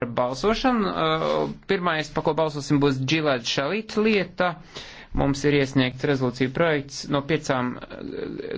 par balsošanu. Uh, pirmais, pa ko balsosim, būs Džilāda Šalīta lieta. Mums ir iesniegts rezolūcija projekts no piecām uh,